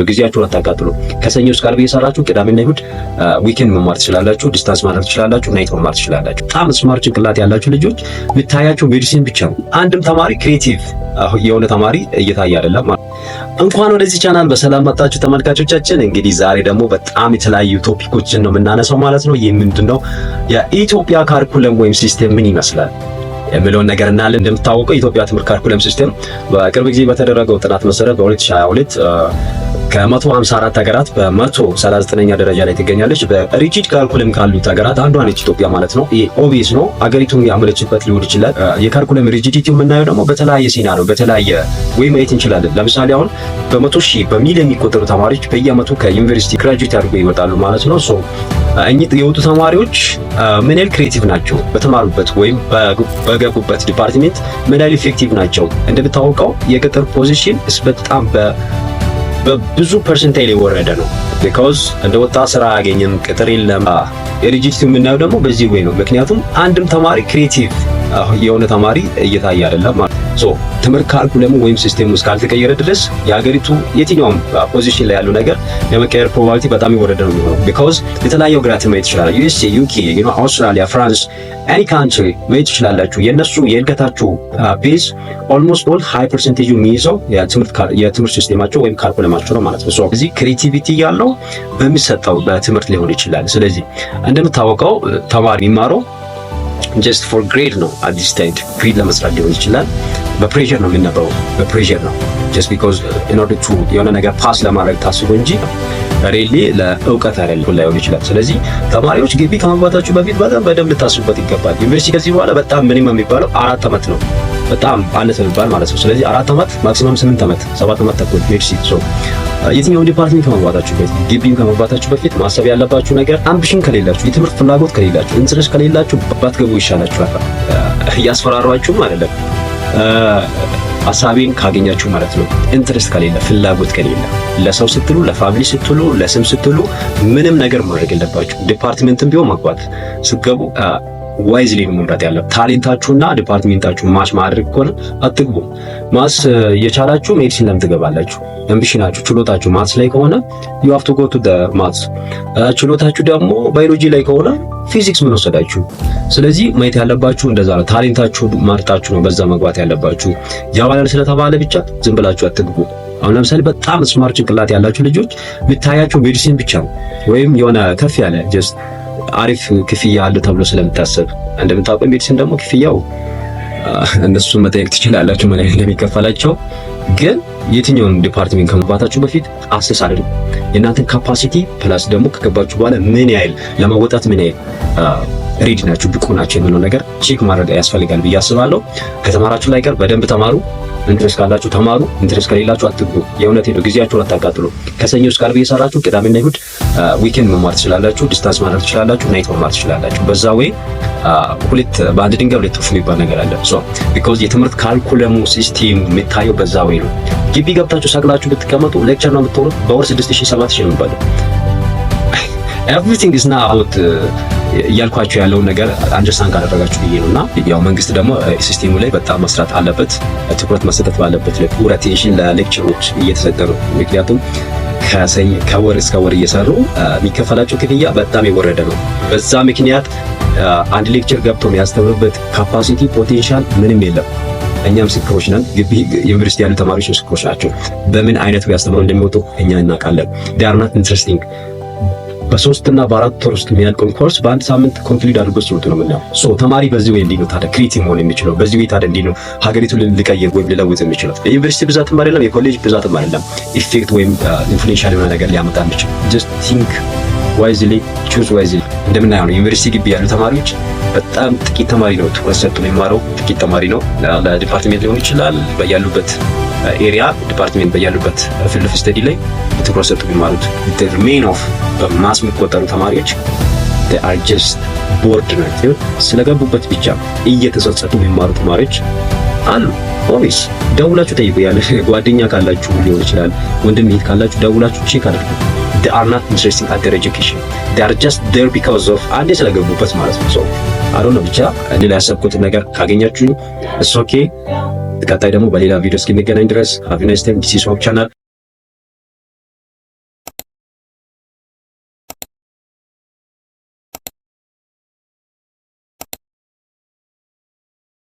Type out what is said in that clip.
በጊዜያችሁን አታቃጥሉ። ከሰኞ እስከ ዓርብ እየሰራችሁ ቅዳሜና እሑድ ዊኬንድ መማር ትችላላችሁ፣ ዲስታንስ ማድረግ ትችላላችሁ፣ ናይት መማር ትችላላችሁ። በጣም ስማርት ጭንቅላት ያላችሁ ልጆች የምታያቸው ሜዲሲን ብቻ ነው። አንድም ተማሪ ክሬቲቭ የሆነ ተማሪ እየታየ አይደለም። እንኳን ወደዚህ ቻናል በሰላም መጣችሁ ተመልካቾቻችን። እንግዲህ ዛሬ ደግሞ በጣም የተለያዩ ቶፒኮችን ነው የምናነሳው ማለት ነው። ይህ ምንድን ነው የኢትዮጵያ ካርኩለም ወይም ሲስተም ምን ይመስላል የሚለውን ነገር እናያለን። እንደምታወቀው የኢትዮጵያ ትምህርት ካርኩለም ሲስተም በቅርብ ጊዜ በተደረገው ጥናት መሰረት በ2022 ከ154 ሀገራት በ139ኛ ደረጃ ላይ ትገኛለች። በሪጂድ ካልኩለም ካሉት ሀገራት አንዷ ነች ኢትዮጵያ ማለት ነው። ይሄ ኦብቪየስ ነው። አገሪቱን ያመለችበት ሊሆን ይችላል። የካልኩለም ሪጂዲቲ የምናየው ደግሞ በተለያየ ሴና ነው፣ በተለያየ ወይ ማየት እንችላለን። ለምሳሌ አሁን በመቶ ሺህ በሚሊዮን የሚቆጠሩ ተማሪዎች በየአመቱ ከዩኒቨርሲቲ ግራጁዌት አድርጎ ይወጣሉ ማለት ነው። ሶ እኚህ የወጡ ተማሪዎች ምን ያህል ክሬቲቭ ናቸው፣ በተማሩበት ወይም በገቡበት ዲፓርትሜንት ምን ያህል ኢፌክቲቭ ናቸው። እንደምታወቀው የገጠር ፖዚሽን በጣም በብዙ ፐርሰንታይል የወረደ ነው። ቢካውዝ ወጣ ስራ አያገኝም፣ ቅጥር የለም። የሪጂዲቲ የምናየው ደግሞ በዚህ ወይ ነው። ምክንያቱም አንድም ተማሪ ክሬቲቭ የሆነ ተማሪ እየታየ አይደለም ማለት ሶ ትምህርት ካልኩለሙ ወይም ሲስቴም ውስጥ ካልተቀየረ ድረስ የሀገሪቱ የትኛውም ፖዚሽን uh, ላይ ያሉ ነገር የመቀየር ፕሮባቢሊቲ በጣም የወረደ ነው የሚሆነው። ቢካዝ የተለያየ ሀገራት ማየት ይችላል። ዩኤስኤ፣ ዩኬ፣ አውስትራሊያ፣ ፍራንስ ኤኒ ካንትሪ ማየት ትችላላችሁ። የእነሱ የእድገታችሁ ቤዝ ኦልሞስት ኦል ሃይ ፐርሰንቴጅ የሚይዘው የትምህርት ሲስቴማቸው ወይም ካልኩለማቸው ነው ማለት ነው። እዚህ ክሬቲቪቲ ያለው በሚሰጠው በትምህርት ሊሆን ይችላል። ስለዚህ እንደምታወቀው ተማሪ የሚማረው ጀስት ፎር ግሬድ ነው። አዲስ ታይድ ግሪድ ለመስራት ሊሆን ይችላል በፕሬር ነው የምንነበረው፣ በፕሬር ነው ጀስት ቢኮዝ ኢን ኦርደር ቱ የሆነ ነገር ፓስ ለማድረግ ታስቦ እንጂ ሬሊ ለእውቀት አይደለም ላይሆን ይችላል። ስለዚህ ተማሪዎች ግቢ ከመግባታችሁ በፊት በጣም በደንብ ልታስቡበት ይገባል። ዩኒቨርሲቲ ከዚህ በኋላ በጣም ምንም የሚባለው አራት ዓመት ነው በጣም አነሰ የሚባል ማለት ነው። ስለዚህ አራት ዓመት ማክሲማም ስምንት ዓመት ሰባት ዓመት ተኩል ዩኒቨርሲቲ ሰው uh, የትኛውን ዲፓርትመንት ከመግባታችሁ በፊት ግቢም ከመግባታችሁ በፊት ማሰብ ያለባችሁ ነገር አምቢሽን ከሌላችሁ የትምህርት ፍላጎት ከሌላችሁ ኢንትረስት ከሌላችሁ ባትገቡ ይሻላችኋል። uh, እያስፈራሯችሁም አይደለም። አሳቤን ካገኛችሁ ማለት ነው። ኢንትረስት ከሌለ ፍላጎት ከሌለ ለሰው ስትሉ፣ ለፋሚሊ ስትሉ፣ ለስም ስትሉ ምንም ነገር ማድረግ የለባችሁ። ዲፓርትመንትም ቢሆን መግባት ስትገቡ ዋይዝሊ ነው መምራት ያለው። ታሌንታችሁና ዲፓርትሜንታችሁ ማች ማድረግ ከሆነ አትግቡ። ማስ uh, የቻላችሁ ሜዲሲን ለምን ትገባላችሁ? አምቢሽናችሁ ችሎታችሁ ማስ ላይ ከሆነ ዩ have ቱ ጎ ቱ ዘ ማስ። ችሎታችሁ ደግሞ ባዮሎጂ ላይ ከሆነ ፊዚክስ ምን ወሰዳችሁ? ስለዚህ ማየት ያለባችሁ እንደዛ ነው። ታሌንታችሁ ማርጣችሁ ነው በዛ መግባት ያለባችሁ። ያባላል ስለተባለ ብቻ ዝም ብላችሁ አትግቡ። አሁን ለምሳሌ በጣም ስማርት ጭንቅላት ያላችሁ ልጆች ምታያቸው ሜዲሲን ብቻ ነው ወይም የሆነ ከፍ ያለ ጀስት አሪፍ ክፍያ አለ ተብሎ ስለምታሰብ እንደምታውቀው ሜዲሲን ደግሞ ክፍያው እነሱ መጠየቅ ትችላላችሁ ምን ያህል እንደሚከፈላቸው። ግን የትኛውን ዲፓርትሜንት ከመግባታችሁ በፊት አሰስ አድርጉ። የእናንተን ካፓሲቲ ፕላስ ደግሞ ከገባችሁ በኋላ ምን ያህል ለማወጣት ምን ያህል ሬዲ ናችሁ ብቁ ናችሁ የሚለው ነገር ቼክ ማድረግ ያስፈልጋል ብዬ አስባለሁ። ከተማራችሁ ላይ ቀር በደንብ ተማሩ። ኢንትረስት ካላችሁ ተማሩ፣ ኢንትረስት ከሌላችሁ አትግቡ። የእውነት ነው፣ ጊዜያችሁን አታቃጥሉ። ከሰኞ እስከ ዓርብ እየሰራችሁ ቅዳሜና ይሁድ ዊኬንድ መማር ትችላላችሁ፣ ዲስታንስ ማድረግ ትችላላችሁ፣ ናይት መማር ትችላላችሁ። በዛ ወይ ሁለት በአንድ ድንጋይ ሁለት ወፍ የሚባል ነገር አለ። ሶ ቢኮዝ የትምህርት ካልኩለሙ ሲስቴም የሚታየው በዛ ወይ ነው። ግቢ ገብታችሁ ሰቅላችሁ ብትቀመጡ ሌክቸር ነው የምትሆኑት። በወር 6000 ነው የሚባለው ኤቭሪቲንግ ኢዝ ና አውት እያልኳቸው ያለውን ነገር አንደርስታንድ ካደረጋችሁ ብዬ ነው። እና ያው መንግስት ደግሞ ሲስቴሙ uh, ላይ በጣም መስራት አለበት፣ uh, ትኩረት መሰጠት ባለበት ላይ ፑር አቴንሽን ለሌክቸሮች እየተሰጠ ነው። ምክንያቱም ከወር እስከ ወር እየሰሩ uh, የሚከፈላቸው ክፍያ በጣም የወረደ ነው። በዛ ምክንያት አንድ ሌክቸር ገብቶ የሚያስተምርበት ካፓሲቲ ፖቴንሻል ምንም የለም። እኛ ምስክሮች ነን። ግቢ ዩኒቨርሲቲ ያሉ ተማሪዎች ምስክሮች ናቸው። በምን አይነት ቢያስተምሩ እንደሚወጡ እኛ እናውቃለን። ዳርናት ኢንትረስቲንግ በሶስት እና በአራት ወር ውስጥ የሚያልቀውን ኮርስ በአንድ ሳምንት ኮንክሉድ አድርጎ ስሩት ነው ምናው ሶ ተማሪ በዚህ ወይ እንዲህ ነው ታዲያ ክሬቲቭ መሆን የሚችለው በዚህ ወይ ታዲያ እንዲህ ነው ሀገሪቱን ልንቀይር ወይም ልለውጥ የሚችለው። የዩኒቨርሲቲ ብዛትም አይደለም የኮሌጅ ብዛትም አይደለም ኢፌክት ወይም ኢንፍሉዌንሻል የሆነ ነገር ሊያመጣ የሚችል ጀስት ቲንክ ዋይዝሊ ቹዝ ዋይዝሊ። እንደምናየው ነው ዩኒቨርሲቲ ግቢ ያሉ ተማሪዎች በጣም ጥቂት ተማሪ ነው ትኩረት ሰጥቶ የሚማረው ጥቂት ተማሪ ነው። ለዲፓርትሜንት ሊሆን ይችላል ያሉበት ኤሪያ ዲፓርትሜንት በያሉበት ፊልድ ስተዲ ላይ ትኩረት ሰጡ የሚማሩት ሜን ኦፍ በማስ የሚቆጠሩ ተማሪዎች አርጀስት ቦርድ ናቸው። ስለገቡበት ብቻ እየተጸጸቱ የሚማሩ ተማሪዎች አሉ። ኦቢስ ደውላችሁ ጠይቁ። ያለ ጓደኛ ካላችሁ ሊሆን ይችላል፣ ወንድም ሄት ካላችሁ ደውላችሁ ቼክ አድርጉ። they are not interested at their education they are just there because of አንዴ ስለገቡበት ማለት ነው። ሶ አሁን ብቻ ሌላ ያሰብኩት ነገር ካገኛችሁ እስ ኦኬ ቀጣይ ደግሞ በሌላ ቪዲዮ እስክንገናኝ ድረስ ሀቪ ናይስ ታይም ዲስ ኢዝ ቻናል